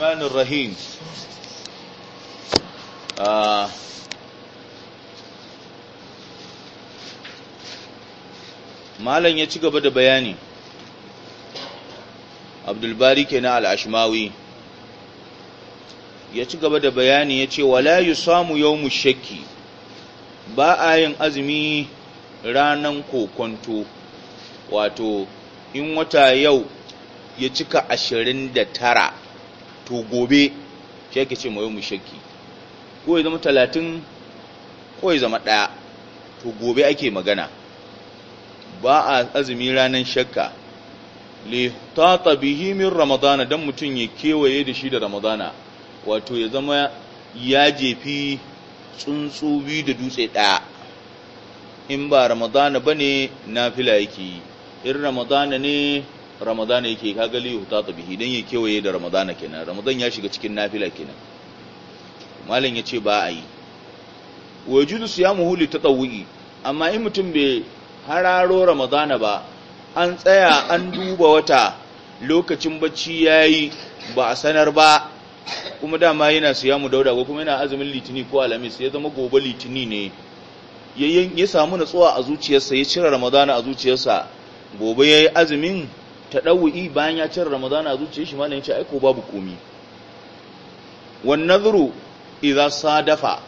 الرحمن الرحيم آه malam ya ci gaba da bayani abdulbari kenan al'ashmawi ya ci gaba da bayani ya ce wala yi samu yau shakki ba a yin azumi ranan kokonto wato in wata yau ya cika ashirin da tara to gobe shi ake ce ma yau shakki ko ya zama talatin ko ya zama ɗaya to gobe ake magana ba a azumi ranar shakka le ta bihi min ramadana don mutum ya kewaye da shi da ramadana wato ya zama ya jefi tsuntsu biyu da dutse ɗaya in ba ramadana ba bane na yake yi in ramadana ne ramadana yake kaga liyu ta bihi dan ya kewaye da ramadana kenan ramadan ya shiga cikin nafila kenan malam yace ba a yi wajudu siyamuhu li tatawwi amma in mutum bai hararo ramadana ba an tsaya an duba wata lokacin bacci yayi ba a sanar ba kuma dama yana siyamu dauda ko kuma yana azumin litini ko alamis ya zama gobe litini ne ya samu natsuwa a zuciyarsa ya cire ramadana a zuciyarsa gobe yayi azumin tadawu'i bayan ya cin ramadana zuciya shi malam ce ai ko babu komi wan nadhru idza sadafa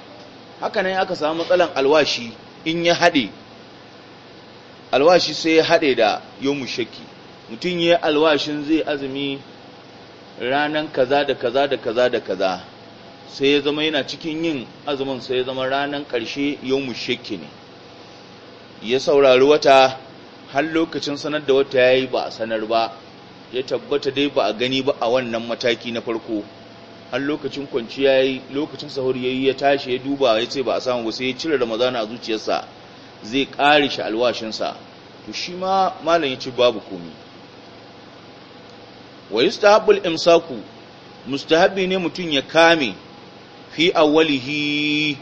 haka nan aka samu matsalan alwashi in ya hade alwashi sai ya hade da yomu shakki mutum ya alwashin zai azumi ranan kaza da kaza da kaza da kaza sai ya zama yana cikin yin azumin sai ya zama ranan karshe yomu shakki ne ya saurari wata har lokacin sanar da wata yayi ba a sanar ba ya tabbata dai ba a gani ba a wannan mataki na farko har lokacin kwanciya yayi lokacin sahur yayi ya tashi ya duba ya ce ba a samu ba sai ya cire ramadana a zuciyarsa zai ƙare shi alwashinsa to shi ma malam ya ce babu komi wa yustahabbul imsaku mustahabbi ne mutum ya kame fi awwalihi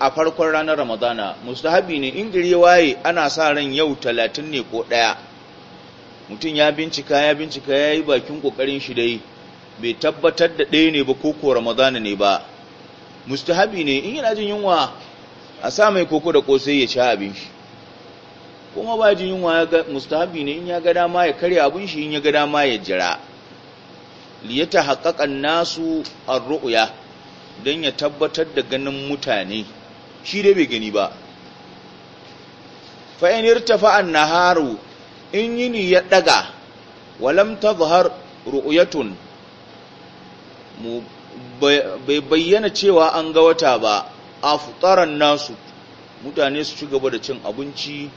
a farkon ranar ramadana mustahabi ne in gari waye ana sa ran yau talatin ne ko ɗaya mutum ya bincika ya bincika ya yi bakin ƙoƙarin shi dai bai tabbatar da ɗaya ne ba koko ramadana ne ba mustahabi ne in yana jin yunwa a sa mai koko da ƙosai ya ci abin shi kuma ba jin yunwa ya Habi mustahabi ne in ya ga dama ya karya abin shi in ya ga dama ya jira liyata haƙaƙan nasu a ru'uya don ya tabbatar da ganin mutane shi dai bai gani ba fa in irtafa an-naharu in yini ya daga walam tazhar ru'yatun bai bayyana cewa an ga wata ba afutaran nasu mutane su ci gaba da cin abinci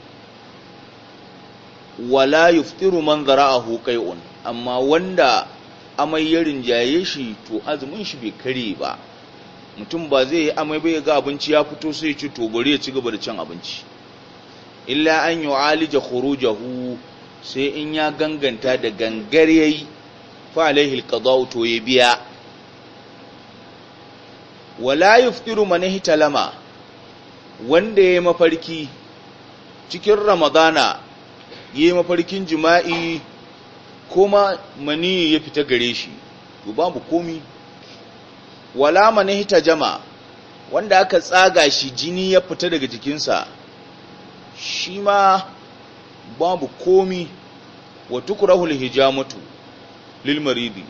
wala yuftiru man zara'ahu kai'un amma wanda amai jaye shi to azumin shi bai kare ba mutum ba zai yi amai bai ga abinci ya fito sai ci to bari ya ci gaba da cin abinci illa an yu'alija khurujahu sai in ya ganganta da gangar yayi fa alaihi alqada'u to ya biya wala yuftiru man Hitalama, wanda yayi mafarki cikin ramadana yayi mafarkin jima'i kuma mani ya fita gare shi to babu komi wala hita jama wanda aka tsaga shi jini ya fita daga jikinsa shi ma babu komi wa tukrahul hijamatu lil maridi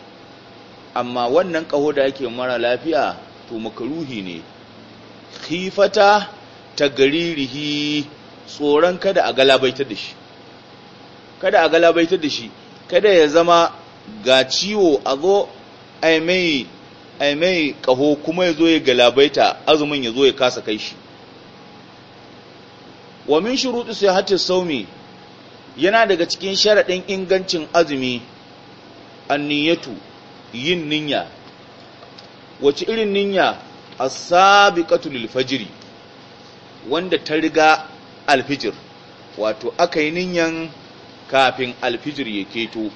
amma wannan kaho da ake mara lafiya to makaruhi ne khifata garirihi tsoron kada a galabaitar da shi kada a galabaitar da shi kada ya zama ga ciwo a zo a mai ai mai kaho kuma ya zo ya galabaita azumin ya zo ya kasa kai shi wa min shuruɗi sihhati saumi yana daga cikin sharaɗin ingancin azumi anniyatu yin niyya wace irin niyya as-sabiqatu lil fajr wanda ta riga alfijir wato aka yi niyyan kafin alfijir ya keto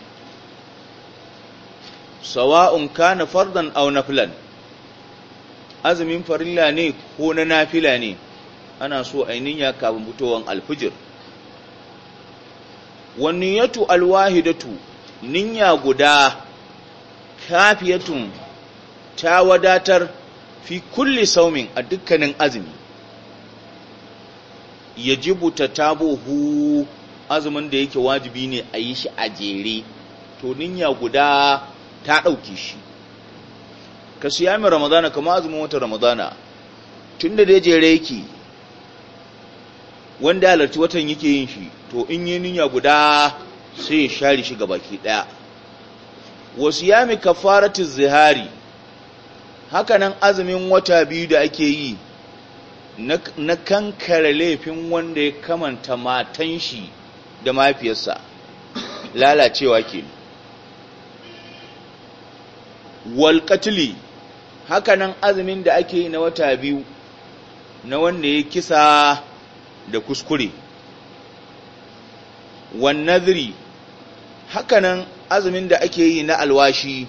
sawa'un kana fardan auna filan. azumin farilla ne ko na nafila ne ana so ainihin ya kafin mutuwan alfijir wani yatu alwahidatu ninya guda kafiyatun ta wadatar fi kulli saumin a dukkanin azumi Ya ta tatabuhu azumin da yake wajibi ne a yi shi a jere to ninya guda ta ɗauke shi ka siya min ramadana kama azumin wata ramadana tun da jere yake wanda halarci watan yake yin shi to in yi niyya guda sai ya share shi baki ɗaya wasu yami kafaratin zihari hakanan azumin wata biyu da ake yi na kankare laifin wanda ya kamanta matan shi da mafiyarsa lalacewa ne walƙatili hakanan azumin da ake yi na wata biyu na wanda ya kisa da kuskure wannadiri hakanan azumin da ake yi na alwashi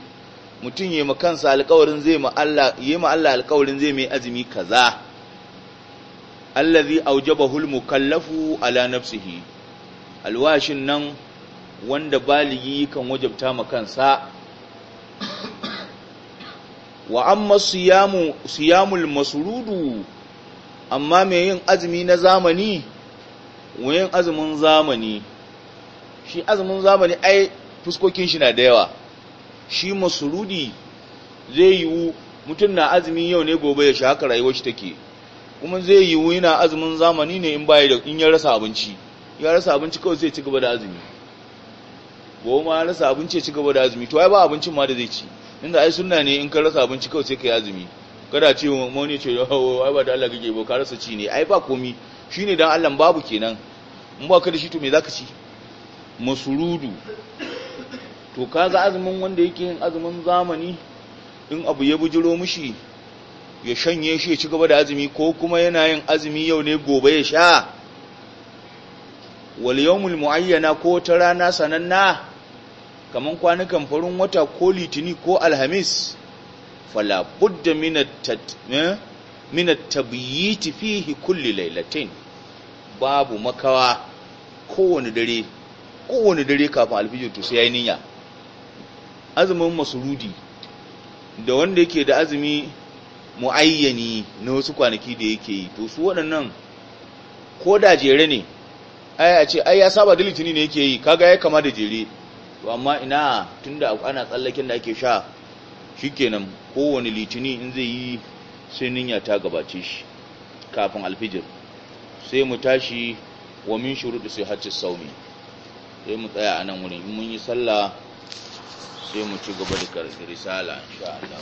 mutum ya ma kansa alƙawarin zai ma Allah kaza. ma Allah zai mai azumi kaza allazi aujabahu almukallafu ala nafsihi alwashin nan wanda baligi kan wajabta ma kansa wa amma siyamu siyamul masrudu amma mai yin azumi na zamani wayin azumin zamani shi azumin zamani ai fuskokin shi na da yawa shi masurudi zai yiwu mutum na azumi yau ne gobe ya sha haka rayuwar shi take kuma zai yiwu yana azumin zamani ne in bai da in ya rasa abinci ya rasa abinci kawai zai ci gaba da azumi goma ya rasa abinci ya ci gaba da azumi to ai ba abincin ma da zai ci inda ai sunna ne in ka rasa abinci kawai sai ka yi azumi kada ce wani ce yawo ai ba da Allah kake ba ka rasa ci ne ai ba komi shine dan Allah babu kenan in ba ka da shi to me zaka ci masurudu to kaga azumin wanda yake yin azumin zamani in abu ya bujiro mushi ya shanye shi ya ci gaba da azumi ko kuma yana yin azumi yau ne gobe ya sha wal yawmul muayyana ko ta rana sananna kamar kwanukan farin wata ko litini ko alhamis falabudda budda min fihi kulli laylatin babu makawa kowane dare kowane dare kafin alfijir to sai ya yi niyya azumin masurudi da wanda yake da azumi muayyani na wasu kwanaki da yake yi to su waɗannan ko da jere ne ai a ce ai ya saba da litini ne yake yi kaga ya kama da jere to amma ina tunda ana tsallaken da ake sha shikenan kowane litini in zai yi sai ninya ta gabace shi kafin alfijir sai mu tashi wa min shuruɗi sai hacci saumi sai mu tsaya a nan wurin in mun yi sallah sai mu ci gaba da karfi risala insha Allah